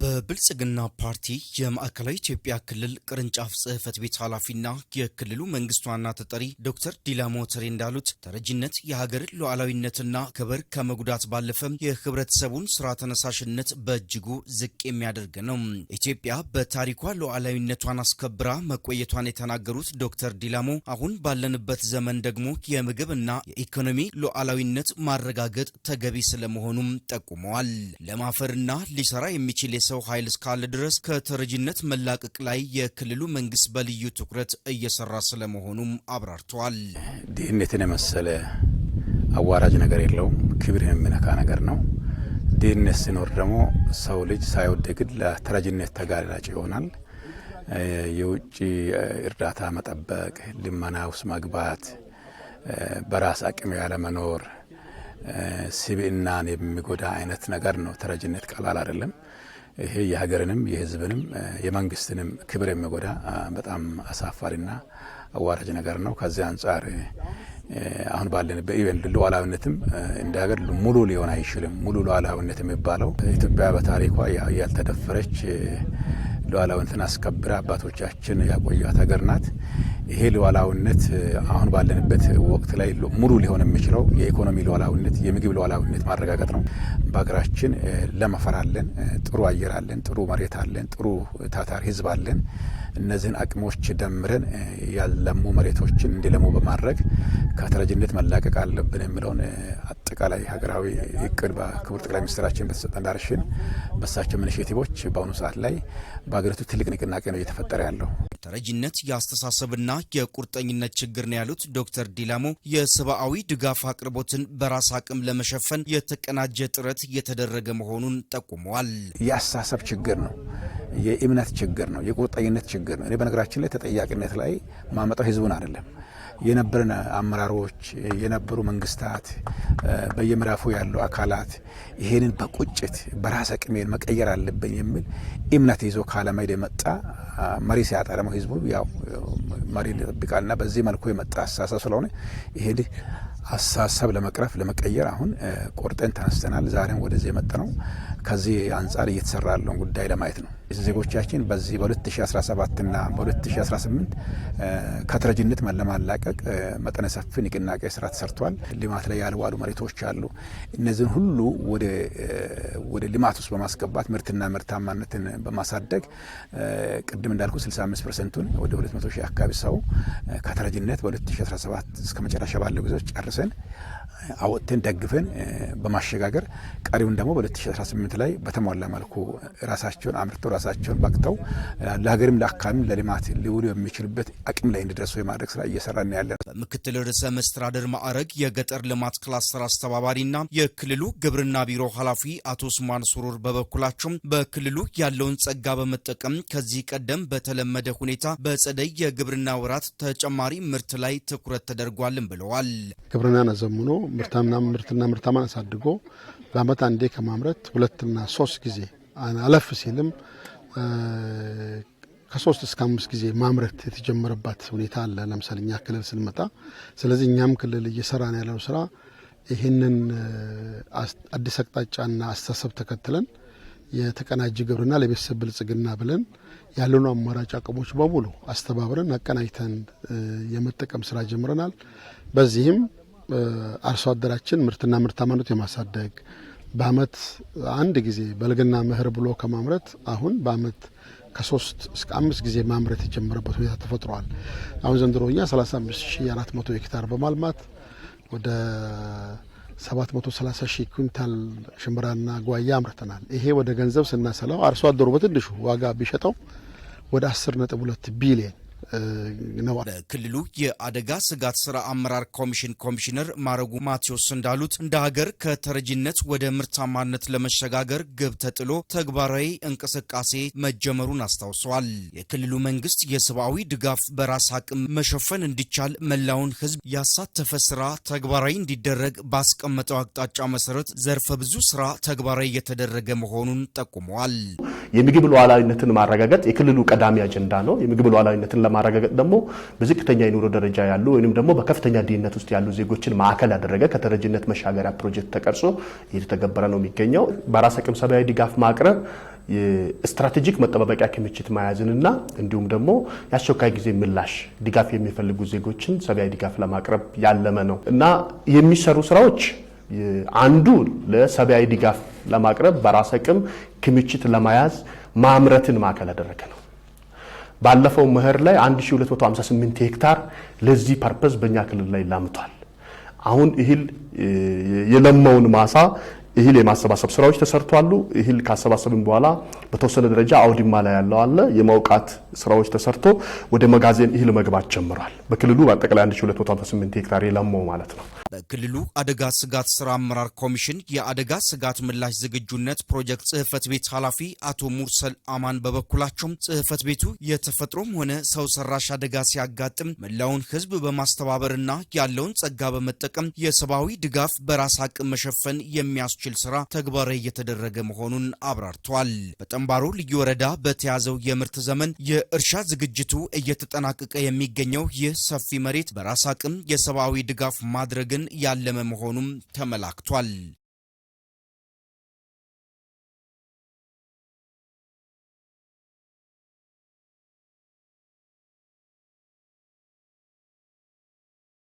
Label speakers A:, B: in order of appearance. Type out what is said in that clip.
A: በብልጽግና ፓርቲ የማዕከላዊ ኢትዮጵያ ክልል ቅርንጫፍ ጽህፈት ቤት ኃላፊና የክልሉ መንግስት ዋና ተጠሪ ዶክተር ዲላ ሞተሬ እንዳሉት ተረጂነት የሀገርን ሉዓላዊነትና ክብር ከመጉዳት ባለፈም የህብረተሰቡን ስራ ተነሳሽነት በእጅጉ ዝቅ የሚያደርግ ነው። ኢትዮጵያ በታሪኳ ሉዓላዊነቷን አስከብራ መቆየቷን የተናገሩት ዶክተር ዲላሞ አሁን ባለንበት ዘመን ደግሞ የምግብና የኢኮኖሚ ሉዓላዊነት ማረጋገጥ ተገቢ ስለመሆኑም ጠቁመዋል። ለማፈርና ሊሰራ የሚችል የሰው ኃይል እስካለ ድረስ ከተረጂነት መላቀቅ ላይ የክልሉ መንግስት በልዩ ትኩረት እየሰራ ስለመሆኑም አብራርተዋል።
B: ድህነትን የመሰለ አዋራጅ ነገር የለውም። ክብርን የሚነካ ነገር ነው። ድህነት ሲኖር ደግሞ ሰው ልጅ ሳይወደግድ ለተረጂነት ተጋላጭ ይሆናል። የውጭ እርዳታ መጠበቅ፣ ልመና ውስጥ መግባት፣ በራስ አቅም ያለመኖር ስብዕናን የሚጎዳ አይነት ነገር ነው። ተረጅነት ቀላል አይደለም። ይሄ የሀገርንም የህዝብንም የመንግስትንም ክብር የሚጎዳ በጣም አሳፋሪና አዋራጅ ነገር ነው። ከዚያ አንጻር አሁን ባለንበት ኢቨን ሉዓላዊነትም እንደ ሀገር ሙሉ ሊሆን አይችልም። ሙሉ ሉዓላዊነት የሚባለው ኢትዮጵያ በታሪኳ ያልተደፈረች ሉዓላዊነትን አስከብራ አባቶቻችን ያቆያት ሀገር ናት። ይሄ ሉዓላዊነት አሁን ባለንበት ወቅት ላይ ሙሉ ሊሆን የሚችለው የኢኮኖሚ ሉዓላዊነት፣ የምግብ ሉዓላዊነት ማረጋገጥ ነው። በሀገራችን ለም አፈር አለን፣ ጥሩ አየር አለን፣ ጥሩ መሬት አለን፣ ጥሩ ታታሪ ህዝብ አለን። እነዚህን አቅሞች ደምረን ያለሙ መሬቶችን እንዲለሙ በማድረግ ከተረጅነት መላቀቅ አለብን የሚለውን አጠቃላይ ሀገራዊ እቅድ በክቡር ጠቅላይ ሚኒስትራችን በተሰጠን ዳይሬክሽን በሳቸው ኢኒሼቲቮች በአሁኑ ሰዓት ላይ በሀገሪቱ ትልቅ ንቅናቄ ነው እየተፈጠረ ያለው።
A: ተረጂነት የአስተሳሰብና የቁርጠኝነት ችግር ነው ያሉት ዶክተር ዲላሞ የሰብአዊ ድጋፍ አቅርቦትን በራስ አቅም ለመሸፈን የተቀናጀ ጥረት እየተደረገ መሆኑን ጠቁመዋል።
B: የአስተሳሰብ ችግር ነው፣ የእምነት ችግር ነው፣ የቁርጠኝነት ችግር ነው። እኔ በነገራችን ላይ ተጠያቂነት ላይ ማመጣው ህዝቡን አይደለም የነበረን አመራሮች የነበሩ መንግስታት፣ በየምዕራፉ ያሉ አካላት ይሄንን በቁጭት በራስ አቅሜን መቀየር አለብኝ የሚል እምነት ይዞ ካለመሄድ የመጣ መሪ ሲያጣ ደግሞ ህዝቡ ያው መሪ ይጠብቃልና በዚህ መልኩ የመጣ አስተሳሰብ ስለሆነ ይሄ አስተሳሰብ ለመቅረፍ ለመቀየር አሁን ቆርጠን ተነስተናል። ዛሬም ወደዚህ የመጣ ነው ከዚህ አንጻር እየተሰራ ያለውን ጉዳይ ለማየት ነው። ዜጎቻችን በዚህ በ2017ና በ2018 ከተረጅነት ለማላቀቅ መጠነ ሰፊ ንቅናቄ ስራ ተሰርቷል። ልማት ላይ ያልዋሉ መሬቶች አሉ። እነዚህን ሁሉ ወደ ልማት ውስጥ በማስገባት ምርትና ምርታማነትን በማሳደግ ቅድም እንዳልኩ 65 ፐርሰንቱን ወደ 200 ሺህ አካባቢ ሰው ከተረጅነት በ2017 እስከ መጨረሻ ባለው ጊዜ ቀስቅሰን አወጥተን ደግፈን በማሸጋገር ቀሪውን ደግሞ በ2018 ላይ በተሟላ መልኩ ራሳቸውን አምርተው ራሳቸውን በቅተው ለሀገርም ለአካባቢም ለልማት ሊውሉ የሚችሉበት አቅም ላይ እንዲደርሱ የማድረግ ስራ እየሰራ እናያለን። ያለ
A: በምክትል ርዕሰ መስተዳድር ማዕረግ የገጠር ልማት ክላስተር አስተባባሪና የክልሉ ግብርና ቢሮ ኃላፊ አቶ ስማን ሱሩር በበኩላቸው በክልሉ ያለውን ጸጋ በመጠቀም ከዚህ ቀደም በተለመደ ሁኔታ በጸደይ የግብርና ወራት ተጨማሪ ምርት ላይ ትኩረት ተደርጓልን ብለዋል።
C: ግብርናን አዘምኖ ምርታምና ምርትና ምርታማን አሳድጎ በአመት አንዴ ከማምረት ሁለትና ሶስት ጊዜ አለፍ ሲልም ከሶስት እስከ አምስት ጊዜ ማምረት የተጀመረባት ሁኔታ አለ። ለምሳሌ እኛ ክልል ስንመጣ፣ ስለዚህ እኛም ክልል እየሰራን ያለው ስራ ይህንን አዲስ አቅጣጫና አስተሳሰብ ተከትለን የተቀናጅ ግብርና ለቤተሰብ ብልጽግና ብለን ያለኑ አማራጭ አቅሞች በሙሉ አስተባብረን አቀናጅተን የመጠቀም ስራ ጀምረናል። በዚህም አርሶ አደራችን ምርትና ምርታማነት የማሳደግ በአመት አንድ ጊዜ በልግና ምህር ብሎ ከማምረት አሁን በአመት ከሶስት እስከ አምስት ጊዜ ማምረት የጀመረበት ሁኔታ ተፈጥሯል። አሁን ዘንድሮ እኛ 35400 ሄክታር በማልማት ወደ 730 ሺህ ኩንታል ሽምብራና ጓያ አምርተናል። ይሄ ወደ ገንዘብ ስናሰላው አርሶ አደሩ በትንሹ ዋጋ ቢሸጠው ወደ 10.2 ቢሊየን
A: ነው። በክልሉ የአደጋ ስጋት ስራ አመራር ኮሚሽን ኮሚሽነር ማረጉ ማቴዎስ እንዳሉት እንደ ሀገር ከተረጂነት ወደ ምርታማነት ለመሸጋገር ግብ ተጥሎ ተግባራዊ እንቅስቃሴ መጀመሩን አስታውሰዋል። የክልሉ መንግስት የሰብአዊ ድጋፍ በራስ አቅም መሸፈን እንዲቻል መላውን ህዝብ ያሳተፈ ስራ ተግባራዊ እንዲደረግ ባስቀመጠው አቅጣጫ መሰረት ዘርፈ ብዙ ስራ ተግባራዊ እየተደረገ መሆኑን ጠቁመዋል።
D: የምግብ ሉዓላዊነትን ማረጋገጥ የክልሉ ቀዳሚ አጀንዳ ነው። የምግብ ሉዓላዊነትን ለማረጋገጥ ደግሞ በዝቅተኛ የኑሮ ደረጃ ያሉ ወይም ደግሞ በከፍተኛ ድህነት ውስጥ ያሉ ዜጎችን ማዕከል ያደረገ ከተረጅነት መሻገሪያ ፕሮጀክት ተቀርጾ እየተተገበረ ነው የሚገኘው። በራስ አቅም ሰብአዊ ድጋፍ ማቅረብ ስትራቴጂክ መጠባበቂያ ክምችት መያዝንና እንዲሁም ደግሞ የአስቸኳይ ጊዜ ምላሽ ድጋፍ የሚፈልጉ ዜጎችን ሰብአዊ ድጋፍ ለማቅረብ ያለመ ነው እና የሚሰሩ ስራዎች አንዱ ለሰብአዊ ድጋፍ ለማቅረብ በራስ አቅም ክምችት ለመያዝ ማምረትን ማዕከል ያደረገ ነው። ባለፈው መኸር ላይ 1258 ሄክታር ለዚህ ፐርፐዝ በእኛ ክልል ላይ ላምቷል። አሁን እህል የለማውን ማሳ እህል የማሰባሰብ ስራዎች ተሰርቷሉ። እህል ካሰባሰብን በኋላ በተወሰነ ደረጃ አውድማ ላይ ያለው አለ የማውቃት ስራዎች ተሰርቶ ወደ መጋዘን እህል መግባት ጀምሯል። በክልሉ በአጠቃላይ 1258 ሄክታር የለማው ማለት ነው።
A: በክልሉ አደጋ ስጋት ስራ አመራር ኮሚሽን የአደጋ ስጋት ምላሽ ዝግጁነት ፕሮጀክት ጽህፈት ቤት ኃላፊ አቶ ሙርሰል አማን በበኩላቸውም ጽህፈት ቤቱ የተፈጥሮም ሆነ ሰው ሰራሽ አደጋ ሲያጋጥም መላውን ህዝብ በማስተባበርና ያለውን ጸጋ በመጠቀም የሰብአዊ ድጋፍ በራስ አቅም መሸፈን የሚያስችል ስራ ተግባራዊ እየተደረገ መሆኑን አብራርተዋል። በጠምባሮ ልዩ ወረዳ በተያዘው የምርት ዘመን የ የእርሻ ዝግጅቱ እየተጠናቀቀ የሚገኘው ይህ ሰፊ መሬት በራስ አቅም የሰብአዊ ድጋፍ ማድረግን ያለመ መሆኑም ተመላክቷል።